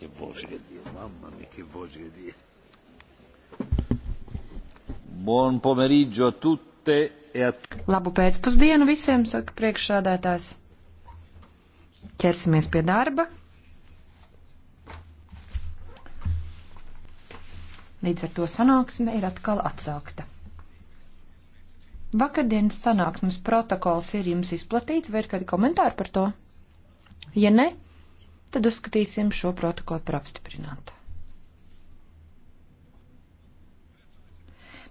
che voce che Dio, mamma mia che voce che Dio. Buon pomeriggio a tutte e a Labu pēcpusdienu visiem, saka priekšsādētājs. Ķersimies pie darba. Līdz ar to sanāksme ir atkal atsākta. Vakardienas sanāksmes protokols ir jums izplatīts, vai ir kādi komentāri par to? Ja ne, tad uzskatīsim šo protokolu par apstiprinātu.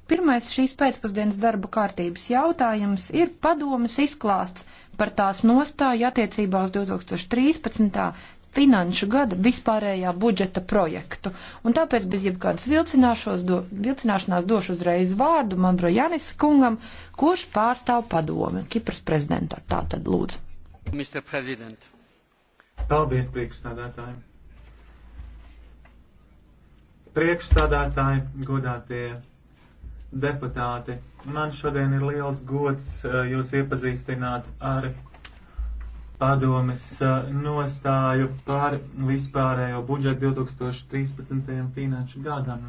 Pirmais šīs pēcpusdienas darba kārtības jautājums ir padomas izklāsts par tās nostāju attiecībā uz 2013. finanšu gada vispārējā budžeta projektu. Un tāpēc bez jebkādas do, vilcināšanās došu uzreiz vārdu Mandro Janis kungam, kurš pārstāv padomi Kipras prezidentā. Tātad lūdzu. Mr. President. Paldies, priekšstādātāji! Priekšstādātāji, godātie deputāti, man šodien ir liels gods eh, jūs iepazīstināt ar padomes eh, nostāju par vispārējo budžetu 2013. finanšu gadam.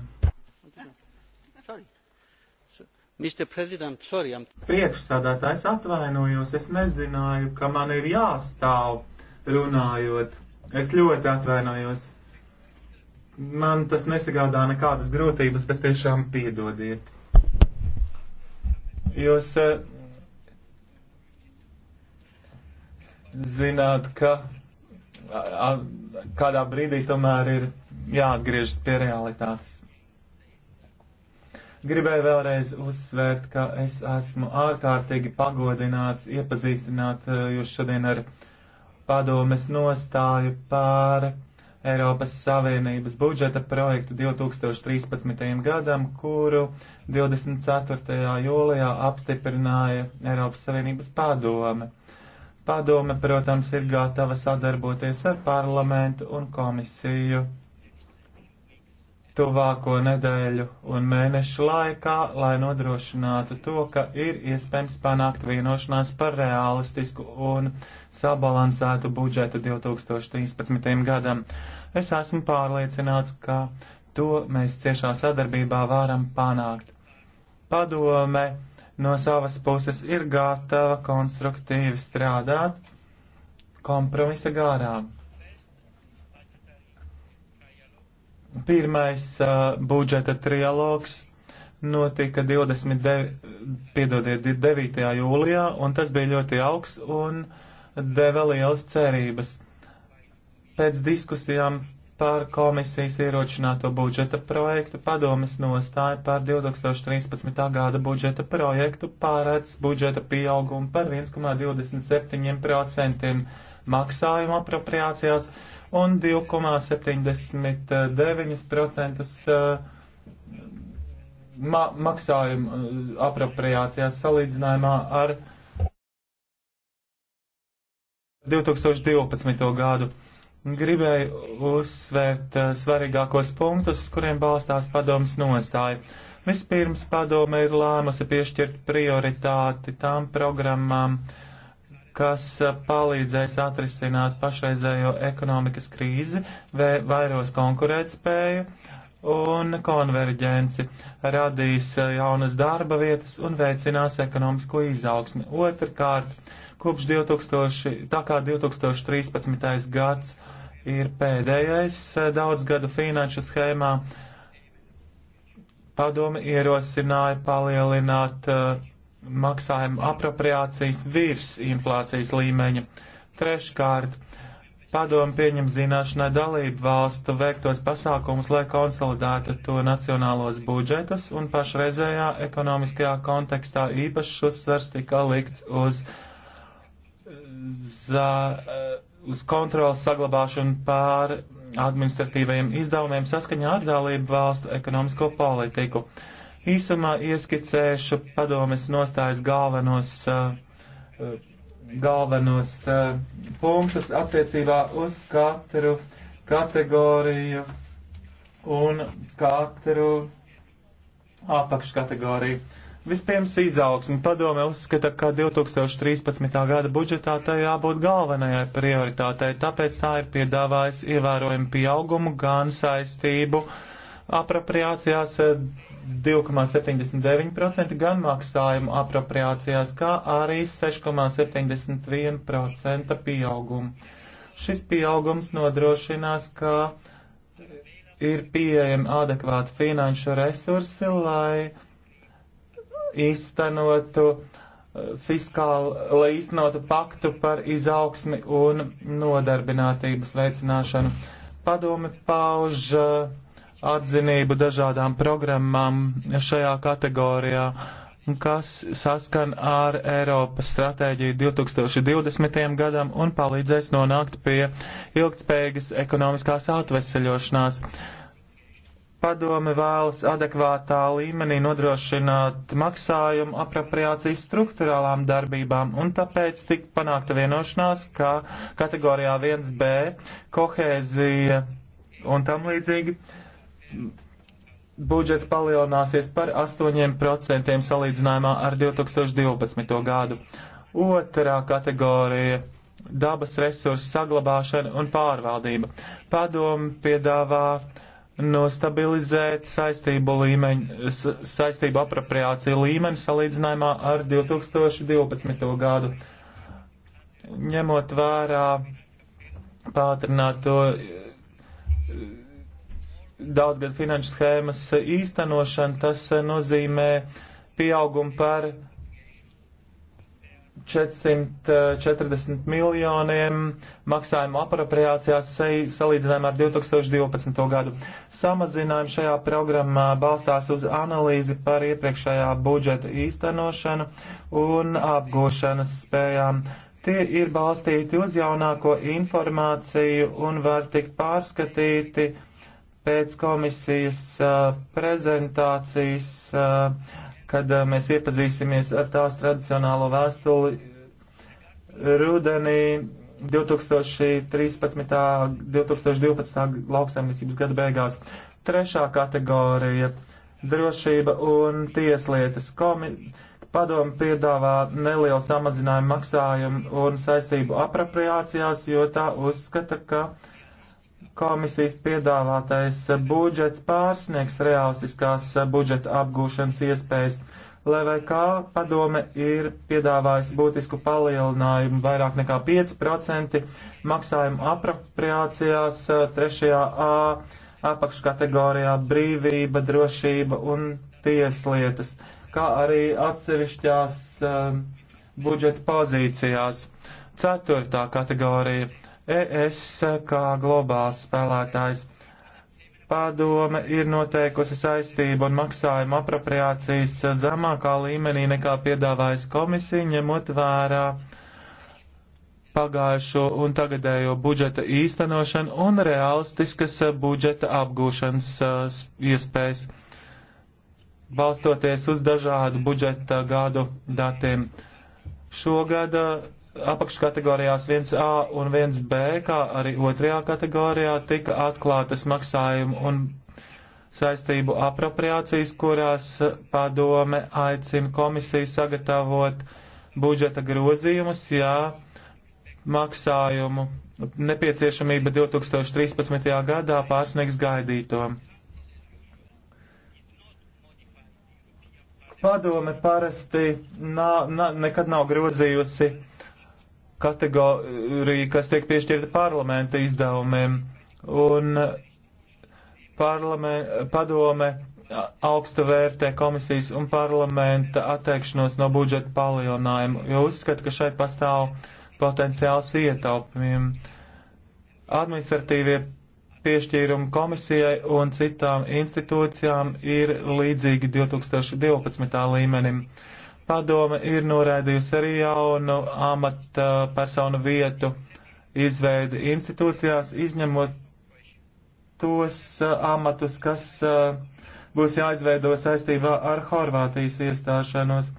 Priekšsādātājs atvainojos, es nezināju, ka man ir jāstāv runājot. Es ļoti atvainojos. Man tas nesagādā nekādas grūtības, bet tiešām piedodiet. Jūs eh, zināt, ka kādā brīdī tomēr ir jāatgriežas pie realitātes. Gribēju vēlreiz uzsvērt, ka es esmu ārkārtīgi pagodināts iepazīstināt eh, jūs šodien ar padomes nostāju pār Eiropas Savienības budžeta projektu 2013. gadam, kuru 24. jūlijā apstiprināja Eiropas Savienības padome. Padome, protams, ir gatava sadarboties ar parlamentu un komisiju tuvāko nedēļu un mēnešu laikā, lai nodrošinātu to, ka ir iespējams panākt vienošanās par realistisku un sabalansētu budžetu 2013. gadam. Es esmu pārliecināts, ka to mēs ciešā sadarbībā varam panākt. Padome no savas puses ir gatava konstruktīvi strādāt kompromisa gārā. Pirmais uh, budžeta trialogs notika 29, piedodiet, 9. jūlijā, un tas bija ļoti augsts un deva lielas cerības. Pēc diskusijām par komisijas ieročināto budžeta projektu padomis nostāja par 2013. gada budžeta projektu pārēc budžeta pieaugumu par 1,27% maksājumu apropriācijās un 2,79% uh, ma maksājumu uh, apropriācijās salīdzinājumā ar 2012. gadu. Gribēju uzsvērt uh, svarīgākos punktus, uz kuriem balstās padomas nostāja. Vispirms padome ir lēmusi piešķirt prioritāti tām programmām, uh, kas palīdzēs atrisināt pašreizējo ekonomikas krīzi, vairos konkurētspēju un konverģenci, radīs jaunas darba vietas un veicinās ekonomisko izaugsmi. Otrkārt, kopš 2000, tā kā 2013. gads ir pēdējais daudzgadu finanšu schēmā, padomi ierosināja palielināt uh, maksājumu apropriācijas virs inflācijas līmeņa. Treškārt, padomu pieņem zināšanai dalību valstu veiktos pasākumus, lai konsolidētu to nacionālos budžetus, un pašreizējā ekonomiskajā kontekstā īpašs uzsvers tika likts uz, za, uz kontrolas saglabāšanu pār administratīvajiem izdevumiem saskaņā ar dalību valstu ekonomisko politiku. Uh, Īsumā ieskicēšu padomes nostājas galvenos, uh, uh, galvenos uh, punktus attiecībā uz katru kategoriju un katru apakškategoriju. Vispirms izaugsme padome uzskata, ka 2013. gada budžetā tā jābūt galvenajai prioritātei, tāpēc tā ir piedāvājusi ievērojumu pieaugumu gan saistību apropriācijās 2,79% gan maksājumu apropriācijās, kā arī 6,71% pieaugumu. Šis pieaugums nodrošinās, ka ir pieejami adekvāti finanšu resursi, lai īstenotu fiskāli, lai īstenotu paktu par izaugsmi un nodarbinātības veicināšanu. Padomi pauž uh, atzinību dažādām programmām šajā kategorijā, kas saskan ar Eiropas stratēģiju 2020. gadam un palīdzēs nonākt pie ilgtspējīgas ekonomiskās atveseļošanās. Padome vēlas adekvātā līmenī nodrošināt maksājumu apropriācijas struktūrālām darbībām, un tāpēc tika panākta vienošanās, ka kategorijā 1B kohēzija un tam līdzīgi uh, budžets palielināsies par 8% salīdzinājumā ar 2012. gadu. Otrā kategorija - dabas resursu saglabāšana un pārvaldība. Padomu piedāvā nostabilizēt saistību līmeņu, saistību apropriāciju līmeni salīdzinājumā ar 2012. gadu. Ņemot vērā pātrināto daudzgad finanšu schēmas īstenošanu, tas eh, nozīmē pieaugumu par 440 eh, miljoniem maksājumu apropriācijās salīdzinājumā ar 2012. gadu. Samazinājumi šajā programmā balstās uz analīzi par iepriekšējā budžeta īstenošanu un apgūšanas spējām. Tie ir balstīti uz jaunāko informāciju un var tikt pārskatīti uh, pēc komisijas uh, prezentācijas, uh, kad uh, mēs iepazīsimies ar tās tradicionālo vēstuli rudenī 2013. 2012. lauksaimniecības gada beigās. Trešā kategorija - drošība un tieslietas komisija padomu piedāvā nelielu samazinājumu maksājumu un saistību apropriācijās, jo tā uzskata, ka komisijas piedāvātais budžets pārsniegs realistiskās budžeta apgūšanas iespējas. LVK padome ir piedāvājusi būtisku palielinājumu vairāk nekā 5% maksājumu apropriācijās trešajā A apakškategorijā brīvība, drošība un tieslietas, kā arī atsevišķās um, budžeta pozīcijās. Ceturtā kategorija ES kā globāls spēlētājs. Padome ir noteikusi saistību un maksājumu apropriācijas zemākā līmenī nekā piedāvājas komisija, ņemot vērā pagājušo un tagadējo budžeta īstenošanu un realistiskas budžeta apgūšanas uh, iespējas, balstoties uz dažādu budžeta gadu datiem. Šogad uh, apakškategorijās 1A un 1B, kā arī otrajā kategorijā tika atklātas maksājumu un saistību apropriācijas, kurās padome aicina komisiju sagatavot budžeta grozījumus, ja maksājumu nepieciešamība 2013. gadā pārsniegs gaidīto. Padome parasti nā, nā, nekad nav grozījusi kategorija, kas tiek piešķirta parlamenta izdevumiem, un parlamē, padome augsta vērtē komisijas un parlamenta atteikšanos no budžeta palielinājumu, jo uzskata, ka šeit pastāv potenciāls ietaupījumi. Administratīvie piešķīrumi komisijai un citām institūcijām ir līdzīgi 2012. līmenim. Padome ir noraidījusi arī jaunu amata uh, personu vietu izveidi institūcijās, izņemot tos uh, amatus, kas uh, būs jāizveido saistībā ar Horvātijas iestāšanos.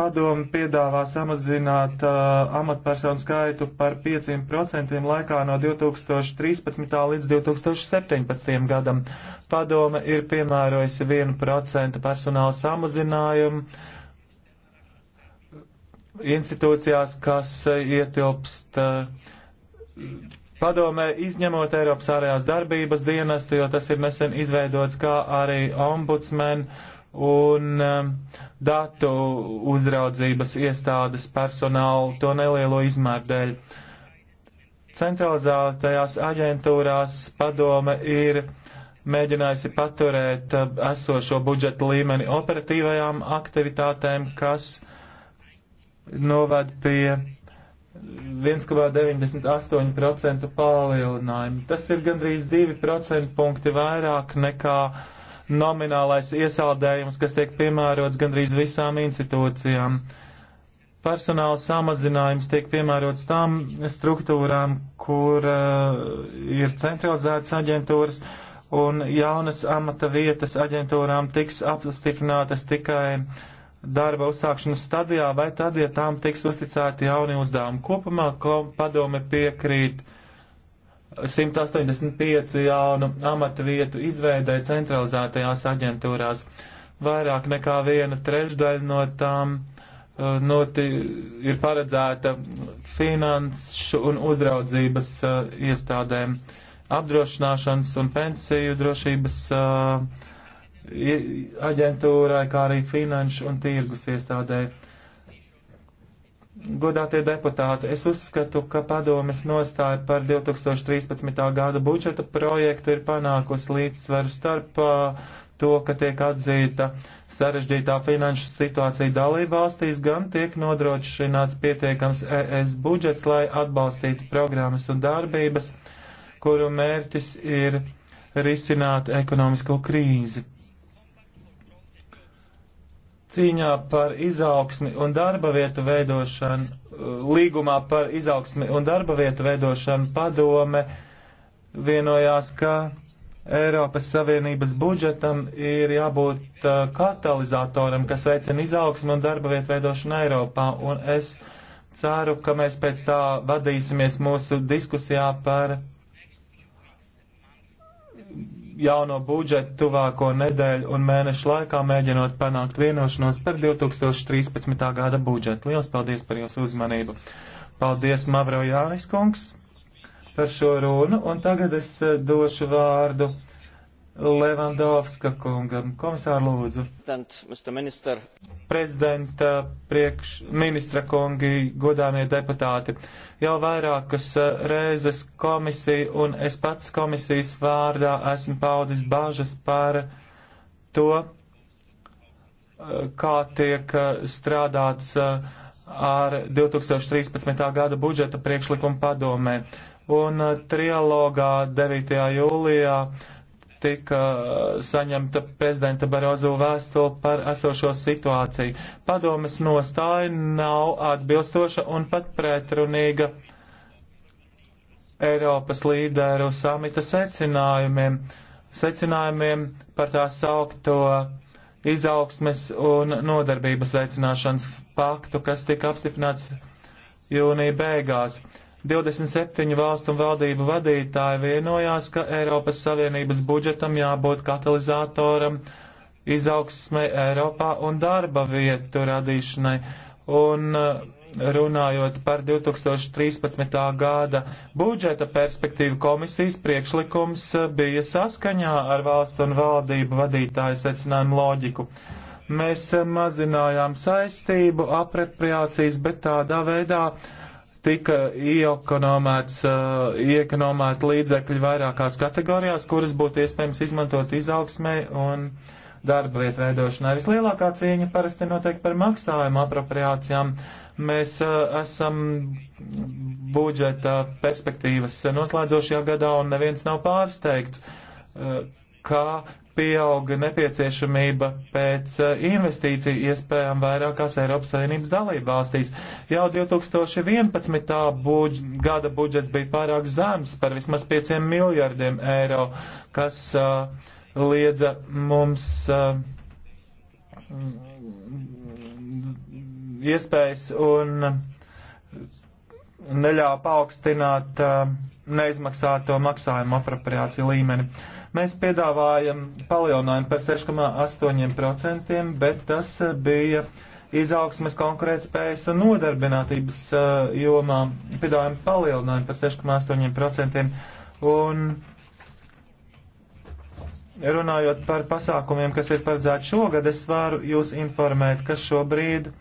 Padomu piedāvā samazināt uh, amatpersonu skaitu par 5% laikā no 2013. līdz 2017. gadam. Padome ir piemērojusi 1% personāla samazinājumu institūcijās, kas eh, ietilpst eh, padomē, izņemot Eiropas ārējās darbības dienestu, jo tas ir nesen izveidots kā arī ombudsmen un eh, datu uzraudzības iestādes personālu to nelielo izmēru dēļ. Centralizētajās aģentūrās padome ir mēģinājusi paturēt esošo budžeta līmeni operatīvajām aktivitātēm, kas uh, novad pie 1,98% palielinājumu. Tas ir gandrīz 2% punkti vairāk nekā nominālais iesaldējums, kas tiek piemērots gandrīz visām institūcijām. Personāla samazinājums tiek piemērots tām struktūrām, kur uh, ir centralizētas aģentūras, un jaunas amata vietas aģentūrām tiks apstiprinātas tikai uh, darba uzsākšanas stadijā vai tad, ja tām tiks uzticēti jauni uzdevumi. Kopumā padome piekrīt 185 jaunu amata vietu izveidē centralizētajās aģentūrās. Vairāk nekā viena trešdaļa no tām eh, noti, ir paredzēta finanšu un uzraudzības uh, iestādēm, apdrošināšanas un pensiju drošības uh, aģentūrai, kā arī finanšu un tirgus iestādē. Godātie deputāti, es uzskatu, ka padomes nostāja par 2013. gada budžeta projektu ir panākusi līdzsveru starp to, ka tiek atzīta sarežģītā finanšu situācija dalībvalstīs, gan tiek nodrošināts pietiekams ES budžets, lai atbalstītu programmas un darbības, kuru mērķis ir risināt ekonomisko krīzi cīņā par izaugsmi un darba vietu veidošanu, uh, līgumā par izaugsmi un darba vietu veidošanu padome vienojās, ka Eiropas Savienības budžetam ir jābūt uh, katalizatoram, kas veicina izaugsmu un darba vietu veidošanu Eiropā. Un es ceru, ka mēs pēc tā vadīsimies mūsu diskusijā par jauno budžetu tuvāko nedēļu un mēnešu laikā, mēģinot panākt vienošanos par 2013. gada budžetu. Lielas paldies par jūsu uzmanību! Paldies, Mavro Jānis Kungs, par šo runu, un tagad es eh, došu vārdu. Levandovska kungam. Komisāra lūdzu. Minister. Prezidenta priekšministra kungi, godāmie deputāti, jau vairākas eh, reizes komisija un es pats komisijas vārdā esmu paudis bāžas par to, eh, kā tiek eh, strādāts ar 2013. gada budžeta priekšlikumu padomē. Un trialogā 9. jūlijā tika saņemta prezidenta Barozo vēstule par esošo situāciju. Padomes nostāja nav atbilstoša un pat pretrunīga Eiropas līderu samita secinājumiem, secinājumiem par tā saukto izaugsmes un nodarbības veicināšanas paktu, kas tika apstiprināts jūnija beigās. 27 valstu un valdību vadītāji vienojās, ka Eiropas Savienības budžetam jābūt katalizatoram izaugsmai Eiropā un darba vietu radīšanai. Un uh, runājot par 2013. gada budžeta perspektīvu komisijas priekšlikums uh, bija saskaņā ar valstu un valdību vadītāju secinājumu loģiku mēs uh, mazinājām saistību aprepriācijas, bet tādā veidā tika iekonomēts, uh, iekonomēt līdzekļi vairākās kategorijās, kuras būtu iespējams izmantot izaugsmē un darba vietu veidošanai. Vislielākā cīņa parasti notiek par maksājumu apropriācijām. Mēs uh, esam budžeta perspektīvas noslēdzošajā gadā un neviens nav pārsteigts, uh, kā pieauga nepieciešamība pēc eh, investīciju iespējām vairākās Eiropas Savienības dalībvalstīs. Jau 2011. Budž gada budžets bija pārāk zems par vismaz 5 miljardiem eiro, kas uh, liedza mums uh, iespējas un neļāva paaugstināt uh, neizmaksāto maksājumu apropriāciju līmeni. Uh, Mēs piedāvājam palielinājumu par 6,8%, bet tas eh, bija izaugsmes konkurētspējas un nodarbinātības eh, jomā. Piedāvājam palielinājumu par 6,8% un runājot par pasākumiem, kas ir paredzēti šogad, es varu jūs informēt, ka šobrīd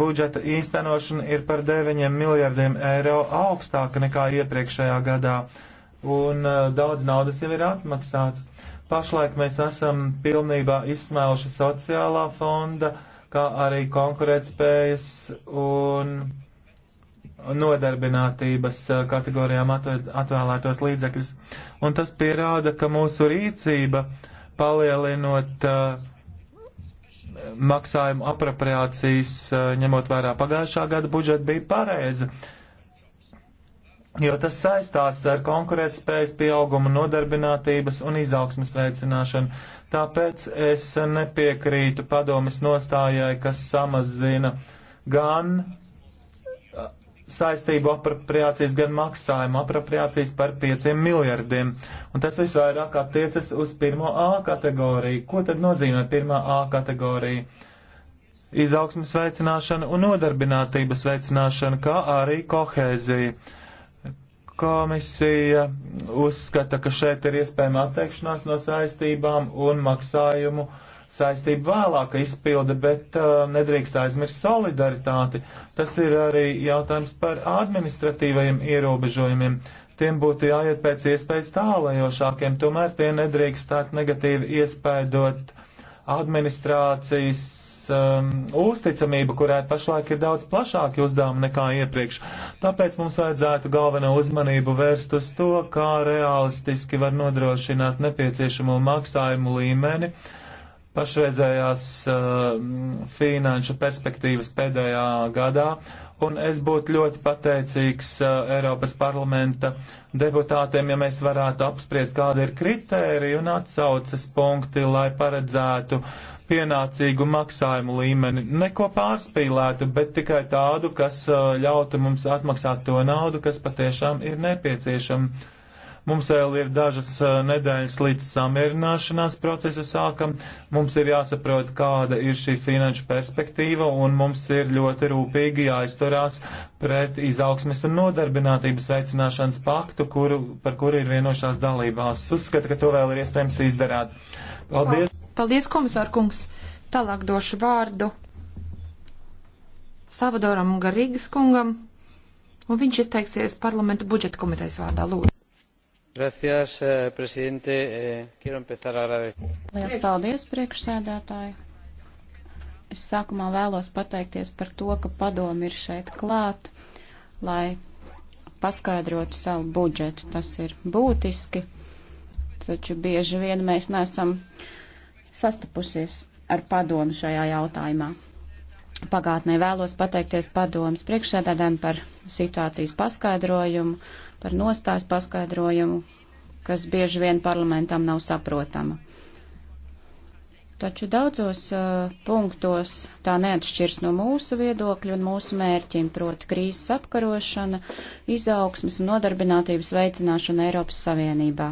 budžeta īstenošana ir par 9 miljardiem eiro augstāka nekā iepriekšējā gadā. Uh, un uh, daudz naudas jau ir atmaksāts. Pašlaik mēs esam pilnībā izsmēluši sociālā fonda, kā arī konkurētspējas un nodarbinātības uh, kategorijām atvēlētos līdzekļus. Un tas pierāda, ka mūsu rīcība palielinot uh, maksājumu apropriācijas, uh, ņemot vērā pagājušā gada budžetu, bija pareiza jo tas saistās ar konkurētspējas pieaugumu, nodarbinātības un izaugsmas veicināšanu. Tāpēc es nepiekrītu padomis nostājai, kas samazina gan saistību apropriācijas, gan maksājumu apropriācijas par 5 miljardiem. Un tas visvairāk attiecas uz pirmo A kategoriju. Ko tad nozīmē pirmā A kategorija? Izaugsmas veicināšana un nodarbinātības veicināšana, kā arī kohēzija. Komisija uzskata, ka šeit ir iespējama atteikšanās no saistībām un maksājumu saistību vēlāka izpilde, bet uh, nedrīkst aizmirst solidaritāti. Tas ir arī jautājums par administratīvajiem ierobežojumiem. Tiem būtu jāiet pēc iespējas tālajošākiem, tomēr tie nedrīkstētu negatīvi iespēdot administrācijas um, uzticamība, kurai pašlaik ir daudz plašāki uzdevumi nekā iepriekš. Tāpēc mums vajadzētu galveno uzmanību vērst uz to, kā realistiski var nodrošināt nepieciešamo maksājumu līmeni pašreizējās uh, finanšu perspektīvas pēdējā gadā Un es būtu ļoti pateicīgs uh, Eiropas parlamenta deputātiem, ja mēs varētu apspriest, kāda ir kritērija un atsauces punkti, lai paredzētu pienācīgu maksājumu līmeni. Neko pārspīlētu, bet tikai tādu, kas uh, ļautu mums atmaksāt to naudu, kas patiešām ir nepieciešama. Mums vēl ir dažas nedēļas līdz samierināšanās procesa sākam. Mums ir jāsaprot, kāda ir šī finanšu perspektīva, un mums ir ļoti rūpīgi jāizturās pret izaugsmes un nodarbinātības veicināšanas paktu, kuru, par kuru ir vienošās dalībās. Uzskata, ka to vēl ir iespējams izdarāt. Paldies! Paldies, komisārkungs! Tālāk došu vārdu Savadoram Garīgas kungam, un viņš izteiksies parlamentu budžeta komitejas vārdā. Lūdzu señor eh, presidente eh, quiero empezar agradeciendo. Lielas paldies, priekšsēdētāji. Es sākumā vēlos pateikties par to, ka padomi ir šeit klāt, lai paskaidrotu savu budžetu. Tas ir būtiski, taču bieži vien mēs nesam sastapusies ar padomu šajā jautājumā. Pagātnē vēlos pateikties padomas priekšsēdētājiem par situācijas paskaidrojumu, par nostājas paskaidrojumu, kas bieži vien parlamentam nav saprotama. Taču daudzos uh, punktos tā neatšķirs no mūsu viedokļa un mūsu mērķiem, proti krīzes apkarošana, izaugsmas un nodarbinātības veicināšana Eiropas Savienībā.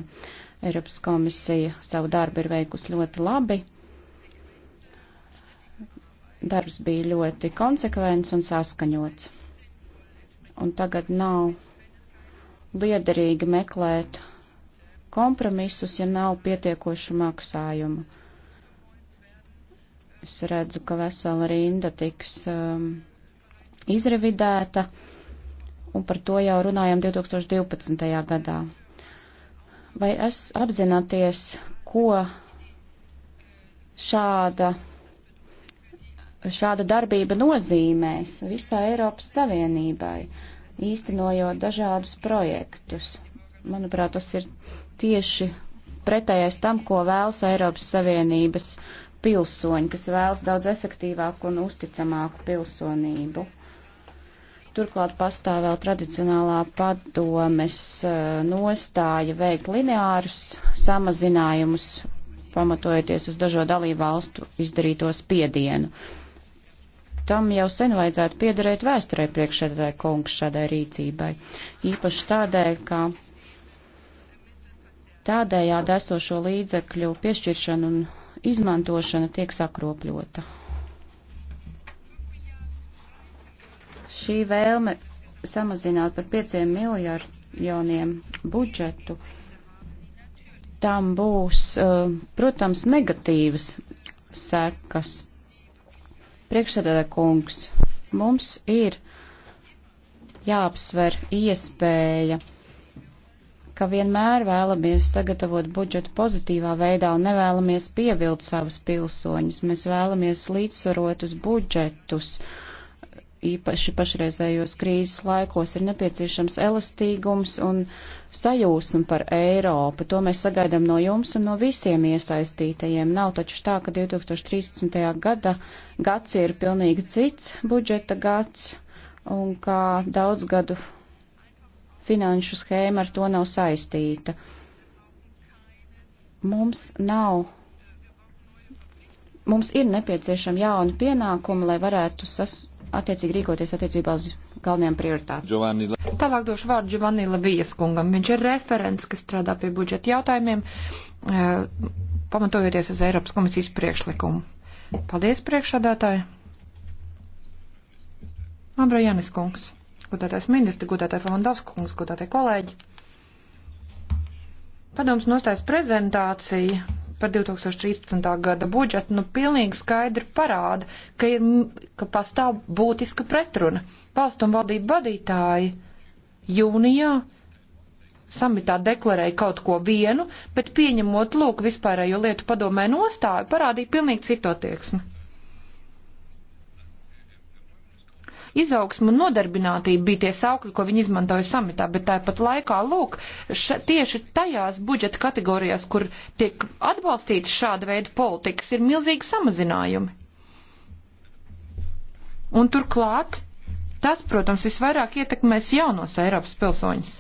Eiropas komisija savu darbu ir veikusi ļoti labi. Darbs bija ļoti konsekvents un saskaņots. Un tagad nav liederīgi meklēt kompromisus, ja nav pietiekošu maksājumu. Es redzu, ka vesela rinda tiks um, izrevidēta, un par to jau runājām 2012. gadā. Vai es apzināties, ko šāda, šāda darbība nozīmēs visai Eiropas Savienībai? Uh, īstenojot dažādus projektus. Manuprāt, tas ir tieši pretējais tam, ko vēlas Eiropas Savienības pilsoņi, kas vēlas daudz efektīvāku un uzticamāku pilsonību. Turklāt pastāv vēl tradicionālā padomes eh, nostāja veikt lineārus samazinājumus, pamatojoties uz dažo dalību valstu izdarīto spiedienu. Uh, tam jau sen vajadzētu piederēt vēsturē priekšsēdētāja kungs šādai rīcībai. Īpaši tādēļ, ka tādējādi esošo līdzekļu piešķiršana un izmantošana tiek sakropļota. Šī vēlme samazināt par 5 miljardiem budžetu, tam būs, eh, protams, negatīvas sekas Priekšsēdētāj kungs, mums ir jāapsver iespēja, ka vienmēr vēlamies sagatavot budžetu pozitīvā veidā un nevēlamies pievilt savus pilsoņus. Mēs vēlamies līdzsvarotus budžetus. Uh, īpaši pašreizējos krīzes laikos ir nepieciešams elastīgums un sajūsma par Eiropu. To mēs sagaidām no jums un no visiem iesaistītajiem. Nav taču tā, ka 2013. gada gads ir pilnīgi cits budžeta gads un kā daudz gadu finanšu schēma ar to nav saistīta. Mums nav mums ir nepieciešami jauni pienākumi, lai varētu sas, attiecīgi rīkoties attiecībā uz galvenajām prioritātēm. Tālāk došu vārdu Giovanni Lavijas kungam. Viņš ir referents, kas strādā pie budžeta jautājumiem, eh, pamatojoties uz Eiropas komisijas priekšlikumu. Paldies, priekšsādātāji! Ambrajanis kungs, godātais ministri, godātais Lamandovs kungs, godātie kolēģi. Padoms nostājas prezentācija par 2013. gada budžetu, nu pilnīgi skaidri parāda, ka, ir, ka pastāv būtiska pretruna. Valstu un valdību vadītāji jūnijā samitā deklarēja kaut ko vienu, bet pieņemot lūk vispārējo lietu padomē nostāju, parādīja pilnīgi citu attieksmi. Izaugsmu un nodarbinātību bija tie saukļi, ko viņi izmantoja samitā, bet tāpat laikā, lūk, ša, tieši tajās budžeta kategorijās, kur tiek atbalstīts šāda veida politikas, ir milzīgi samazinājumi. Un turklāt, tas, protams, visvairāk ietekmēs jaunos Eiropas pilsoņus.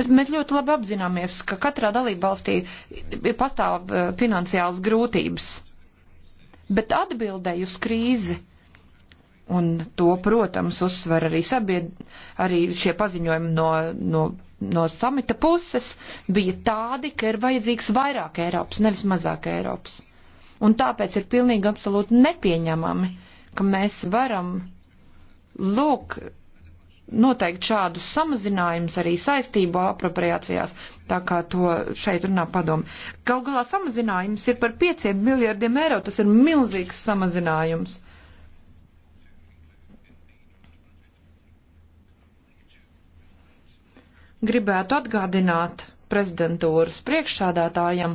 Es, mēs ļoti labi apzināmies, ka katrā dalībvalstī pastāv eh, finansiāls grūtības bet atbildēju uz krīzi. Un to, protams, uzsver arī, sabied... arī šie paziņojumi no, no, no samita puses, bija tādi, ka ir vajadzīgs vairāk Eiropas, nevis mazāk Eiropas. Un tāpēc ir pilnīgi absolūti nepieņemami, ka mēs varam lūk noteikt šādus samazinājumus arī saistību apropriācijās, tā kā to šeit runā padomu. Kaut galā samazinājums ir par 5 miljardiem eiro, tas ir milzīgs samazinājums. Gribētu atgādināt prezidentūras priekšsādātājam,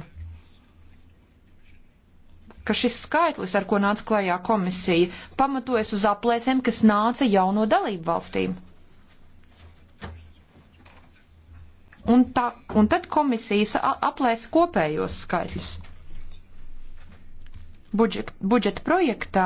ka šis skaitlis, ar ko nāca klajā komisija, pamatojas uz aplēsēm, kas nāca jauno dalību valstīm. un, tā, un tad komisijas aplēs kopējos skaitļus. Budžet, budžeta projektā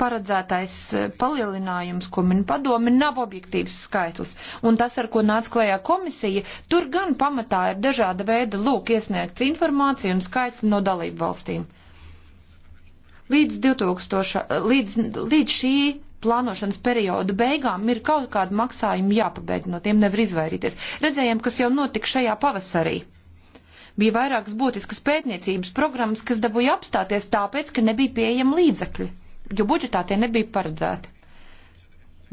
paredzētais eh, palielinājums, ko min padomi, nav objektīvs skaitlis. Un tas, ar ko nāca klajā komisija, tur gan pamatā ir dažāda veida lūk iesniegts informācija un skaitļi no dalību valstīm. Līdz, 2000, līdz, līdz šī plānošanas perioda beigām ir kaut kāda maksājuma jāpabeidz, no tiem nevar izvairīties. Redzējām, kas jau notika šajā pavasarī. Bija vairākas būtiskas pētniecības programmas, kas dabūja apstāties tāpēc, ka nebija pieejama līdzekļi, jo budžetā tie nebija paredzēti.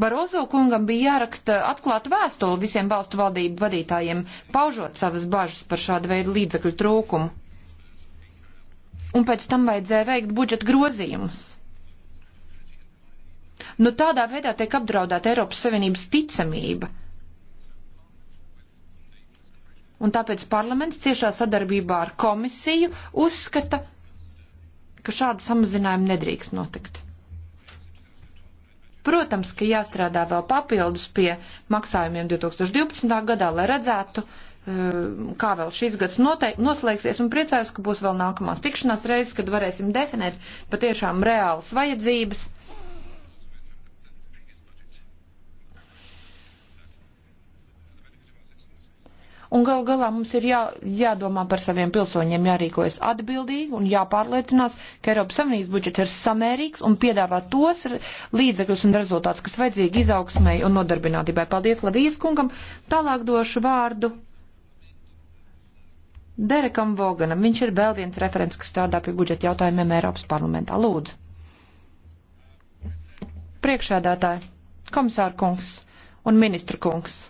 Barozo kungam bija jāraksta atklāta vēstule visiem valstu valdību vadītājiem, paužot savas bažas par šādu veidu līdzekļu trūkumu un pēc tam vajadzēja veikt budžeta grozījumus. Nu, tādā veidā tiek apdraudēta Eiropas Savienības ticamība. Un tāpēc parlaments ciešā sadarbībā ar komisiju uzskata, ka šāda samazinājuma nedrīkst notikt. Protams, ka jāstrādā vēl papildus pie maksājumiem 2012. gadā, lai redzētu, uh, Ehm, kā vēl šis gads noteik, noslēgsies un priecājos, ka būs vēl nākamās tikšanās reizes, kad varēsim definēt patiešām reālas vajadzības. Un gal galā mums ir jā, jādomā par saviem pilsoņiem, jārīkojas atbildīgi un jāpārliecinās, ka Eiropas Savienības budžets ir samērīgs un piedāvā tos līdzekļus un rezultātus, kas vajadzīgi izaugsmai un nodarbinātībai. Paldies Lavijas kungam. Tālāk došu vārdu Derekam Voganam. Viņš ir vēl viens referents, kas strādā pie budžeta jautājumiem Eiropas parlamentā. Lūdzu. Priekšēdētāji, komisāra kungs un ministra kungs.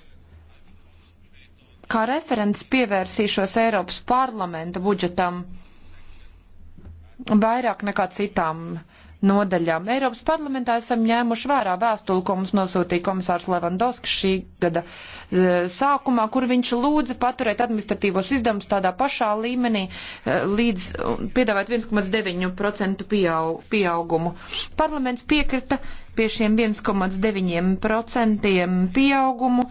Kā referents pievērsīšos Eiropas parlamenta budžetam vairāk nekā citām uh, nodaļām. Eiropas parlamentā esam ņēmuši vērā vēstuli, ko mums nosūtīja komisārs Levandovskis šī gada e, sākumā, kur viņš lūdza paturēt administratīvos izdevumus tādā pašā līmenī e, līdz piedāvāt 1,9% pieaug, pieaugumu. Parlaments piekrita pie šiem 1,9% pieaugumu,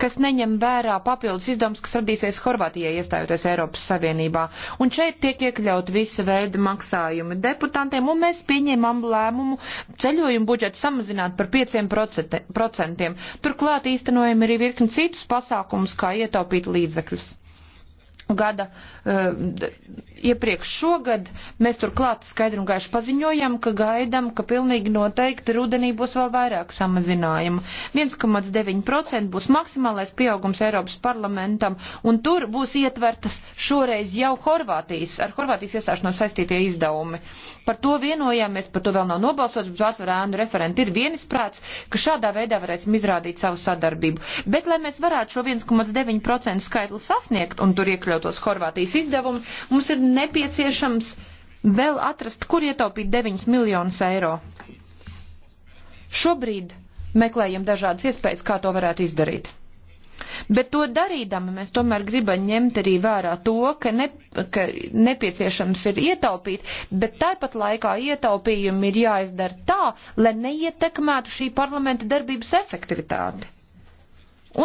kas neņem vērā papildus izdevums, kas radīsies Horvātijai iestājoties Eiropas Savienībā. Un šeit tiek iekļaut visa veida maksājumi deputantiem, un mēs pieņēmām lēmumu ceļojumu budžetu samazināt par 5%. Turklāt īstenojam arī virkni citus pasākumus, kā ietaupīt līdzekļus. Gada uh, iepriekš šogad mēs turklāt skaidri un gaiši paziņojam, ka gaidam, ka pilnīgi noteikti rudenī būs vēl vairāk samazinājumu. 1,9% būs maksimālais pieaugums Eiropas parlamentam, un tur būs ietvertas šoreiz jau Horvātijas, ar Horvātijas iestāšanos saistītie izdevumi. Par to vienojāmies, par to vēl nav nobalsots, bet pārsvarā ēnu referenti ir vienisprāts, ka šādā veidā varēsim izrādīt savu sadarbību. Bet, lai mēs varētu šo 1,9% skaitli sasniegt un tur iekļautos Horvātijas izdevumi, mums ir nepieciešams vēl atrast, kur ietaupīt 9 miljonus eiro. Šobrīd meklējam dažādas iespējas, kā to varētu izdarīt. Bet to darīdami mēs tomēr gribam ņemt arī vērā to, ka, ne, ka nepieciešams ir ietaupīt, bet tāpat laikā ietaupījumi ir jāizdara tā, lai neietekmētu šī parlamenta darbības efektivitāti.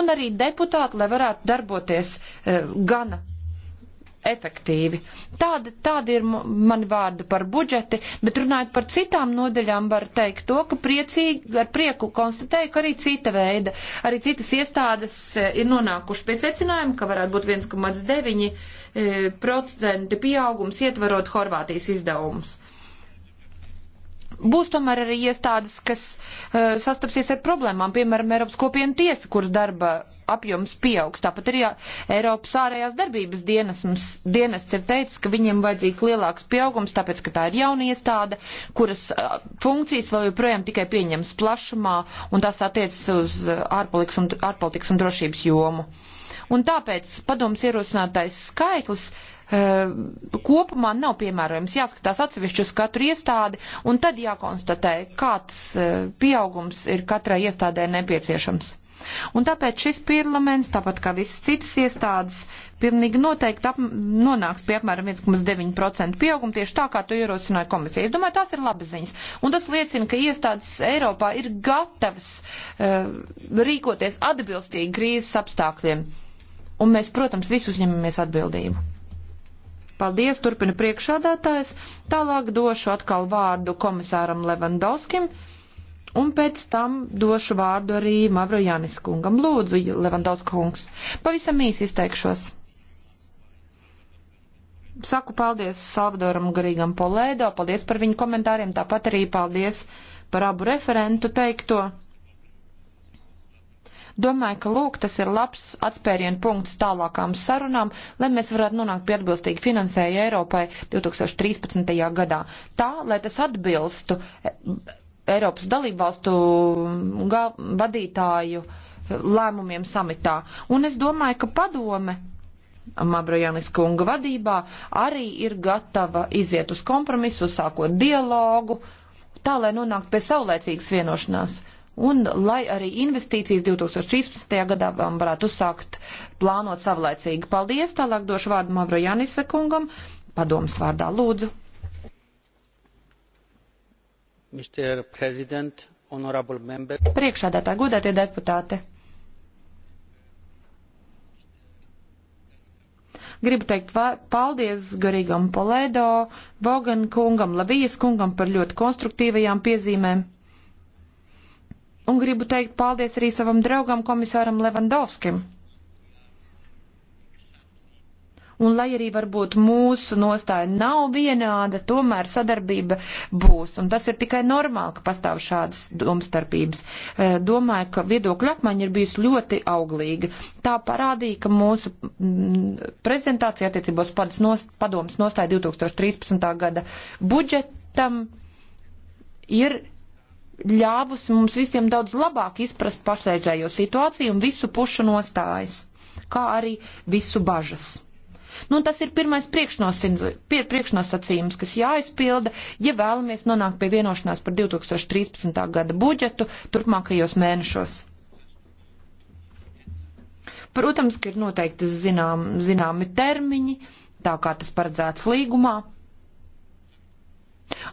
Un arī deputāti, lai varētu darboties uh, gana efektīvi. Tādi, tādi ir mani vārdi par budžeti, bet runājot par citām nodeļām, var teikt to, ka priecīgi, ar prieku konstatēju, ka arī cita veida, arī citas iestādes e, ir nonākuši pie secinājuma, ka varētu būt 1,9% e, pieaugums ietvarot Horvātijas izdevumus. Būs tomēr arī iestādes, kas uh, sastapsies ar problēmām, piemēram, Eiropas kopienu tiesa, kuras darba apjoms pieaugs. Tāpat arī Eiropas ārējās darbības dienesms, dienests ir teicis, ka viņiem vajadzīgs lielāks pieaugums, tāpēc, ka tā ir jauna iestāde, kuras uh, funkcijas vēl joprojām tikai pieņems plašumā, un tas attiecas uz eh, ārpolitikas un, ārpolitikas un drošības jomu. Un tāpēc padoms ierosinātais skaitlis Eh, kopumā nav piemērojams. Jāskatās atsevišķi uz katru iestādi un tad jākonstatē, kāds eh, pieaugums ir katrai iestādē nepieciešams. Un tāpēc šis parlaments, tāpat kā visas citas iestādes, pilnīgi noteikti ap, nonāks pie apmēram 1,9% pieauguma, tieši tā kā to ierosināja komisija. Es domāju, tās ir labas ziņas. Un tas liecina, ka iestādes Eiropā ir gatavas uh, rīkoties atbilstīgi krīzes apstākļiem. Un mēs, protams, visi uzņemamies atbildību. Paldies, turpina priekšādātājs. Tālāk došu atkal vārdu komisāram Levandovskim, un pēc tam došu vārdu arī Mavro Janis kungam. Lūdzu, Levandovsk kungs, pavisam īsi izteikšos. Saku paldies Salvadoram Garīgam Polēdo, paldies par viņu komentāriem, tāpat arī paldies par abu referentu teikto. Domāju, ka lūk, tas ir labs atspērienu punkts tālākām sarunām, lai mēs varētu nonākt pie atbilstīga finansēja Eiropai 2013. gadā. Tā, lai tas atbilstu e, Eiropas dalībvalstu vadītāju lēmumiem samitā. Un es domāju, ka padome Mabrojānis kunga vadībā arī ir gatava iziet uz kompromisu, sākot dialogu, tā lai nonāktu pie saulēcīgas vienošanās un lai arī investīcijas 2013. gadā varētu uzsākt plānot savlaicīgi. Paldies, tālāk došu vārdu Mavro Janisa kungam, padomas vārdā lūdzu. Mr. President, honorable member. Priekšādātāji, godātie deputāti. Gribu teikt paldies Garīgam Polēdo, Vogan kungam, Lavijas kungam par ļoti konstruktīvajām piezīmēm. Un gribu teikt paldies arī savam draugam komisāram Levandovskim. Un lai arī varbūt mūsu nostāja nav vienāda, tomēr sadarbība būs. Un tas ir tikai normāli, ka pastāv šādas domstarpības. E, domāju, ka viedokļu apmaiņa ir bijusi ļoti auglīga. Tā parādīja, ka mūsu mm, prezentācija attiecībos padomas nostāja 2013. gada budžetam ir ļāvusi mums visiem daudz labāk izprast pašreizējo situāciju un visu pušu nostājas, kā arī visu bažas. Nu, tas ir pirmais priekšnosacījums, kas jāizpilda, ja vēlamies nonākt pie vienošanās par 2013. gada budžetu turpmākajos mēnešos. Protams, ka ir noteikti zinām, zināmi termiņi, tā kā tas paredzēts līgumā.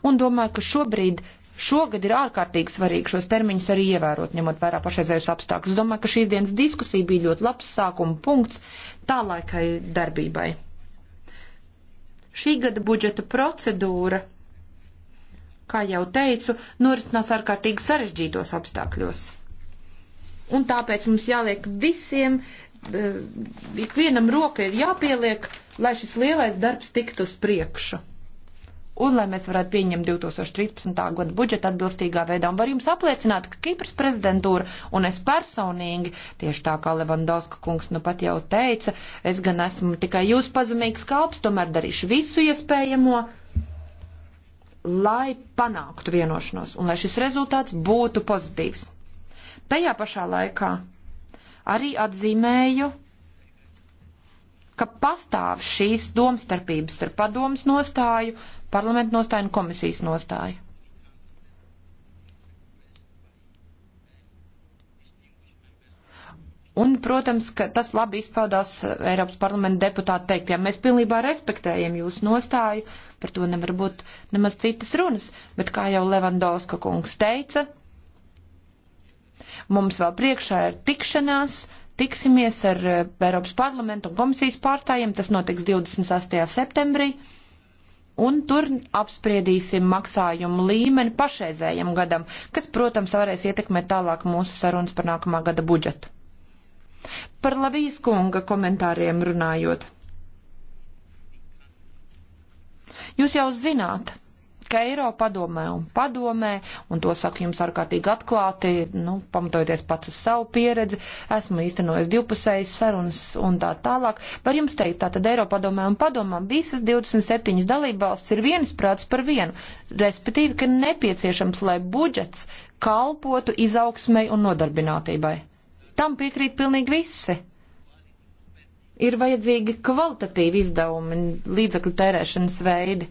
Un domāju, ka šobrīd šogad ir ārkārtīgi svarīgi šos termiņus arī ievērot, ņemot vērā pašreizējos apstākļus. Domāju, ka šīs dienas diskusija bija ļoti labs sākuma punkts tālākai darbībai. Šī gada budžeta procedūra, kā jau teicu, norisinās ārkārtīgi sarežģītos apstākļos. Un tāpēc mums jāliek visiem, eh, ikvienam roka ir jāpieliek, lai šis lielais darbs tiktu uz priekšu un lai mēs varētu pieņemt 2013. gada budžetu atbilstīgā veidā. Un var jums apliecināt, ka Kipras prezidentūra un es personīgi, tieši tā kā Levandovska kungs nu pat jau teica, es gan esmu tikai jūs pazemīgs kalps, tomēr darīšu visu iespējamo, lai panāktu vienošanos un lai šis rezultāts būtu pozitīvs. Tajā pašā laikā arī atzīmēju ka pastāv šīs domstarpības starp padomas nostāju, parlamentu nostāju un komisijas nostāju. Un, protams, ka tas labi izpaudās eh, Eiropas parlamenta deputāta teiktajā. Mēs pilnībā respektējam jūsu nostāju, par to nevar būt nemaz citas runas, bet kā jau Levandovska kungs teica, mums vēl priekšā ir tikšanās, uh, tiksimies ar eh, Eiropas parlamentu un komisijas pārstājiem. Tas notiks 28. septembrī. Un tur apspriedīsim maksājumu līmeni pašreizējam gadam, kas, protams, varēs ietekmēt tālāk mūsu sarunas par nākamā gada budžetu. Par Lavijas kunga komentāriem runājot. Jūs jau zināt, ka Eiropa padomē un padomē, un to saku jums ārkārtīgi atklāti, nu, pamatojoties pats uz savu pieredzi, esmu īstenojis divpusējas sarunas un tā tālāk. Var jums teikt, tā tad Eiropa padomē un padomā visas 27 dalībvalsts ir viensprāts par vienu, respektīvi, ka nepieciešams, lai budžets kalpotu izaugsmai un nodarbinātībai. Tam piekrīt pilnīgi visi ir vajadzīgi kvalitatīvi izdevumi, līdzekļu tērēšanas veidi.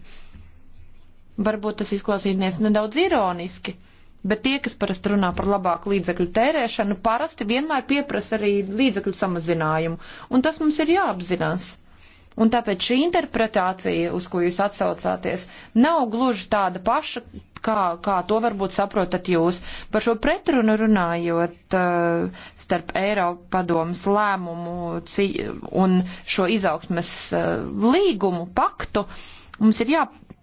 Varbūt tas izklausīties nedaudz ironiski, bet tie, kas parasti runā par labāku līdzekļu tērēšanu, parasti vienmēr pieprasa arī līdzekļu samazinājumu, un tas mums ir jāapzinās. Un tāpēc šī interpretācija, uz ko jūs atsaucāties, nav gluži tāda paša, kā, kā to varbūt saprotat jūs. Par šo pretrunu runājot uh, starp Eiropadomas lēmumu un šo izaugsmes uh, līgumu paktu, mums ir jā,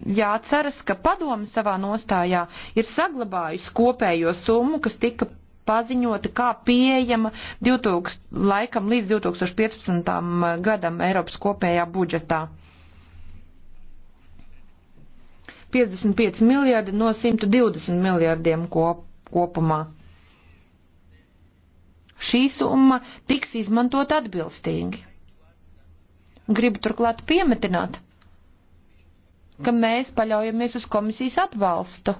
jāceras, ka padomu savā nostājā ir saglabājusi kopējo summu, kas tika paziņota kā pieejama 2000, laikam līdz 2015. gadam Eiropas kopējā budžetā. 55 miljardi no 120 miljardiem kop, kopumā. Šī summa tiks izmantot atbilstīgi. Gribu turklāt piemetināt, ka mēs paļaujamies uz komisijas atbalstu.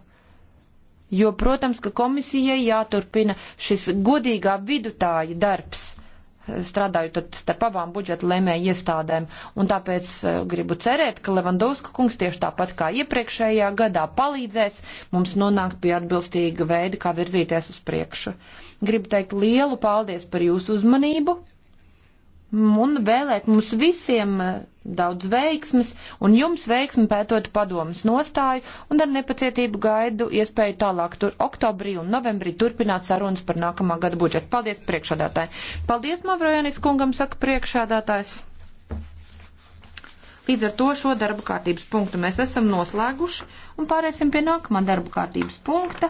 Jo, protams, ka komisijai jāturpina šis godīgā vidutāja darbs, strādājot starp abām budžeta lēmēju iestādēm. Un tāpēc eh, gribu cerēt, ka Levandovska kungs tieši tāpat kā iepriekšējā gadā palīdzēs mums nonākt pie atbilstīga veida, kā virzīties uz priekšu. Gribu teikt lielu paldies par jūsu uzmanību un vēlēt mums visiem eh, daudz veiksmes un jums veiksmi pētot padomas nostāju un ar nepacietību gaidu iespēju tālāk tur oktobrī un novembrī turpināt sarunas par nākamā gada budžetu. Paldies priekšādātāji. Paldies Mavrojanis kungam, saka priekšādātājs. Līdz ar to šo darba kārtības punktu mēs esam noslēguši un pārēsim pie nākamā darba kārtības punkta,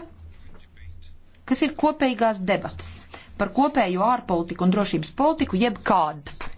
kas ir kopīgās debatas par kopējo ārpolitiku un drošības politiku, jeb kādu.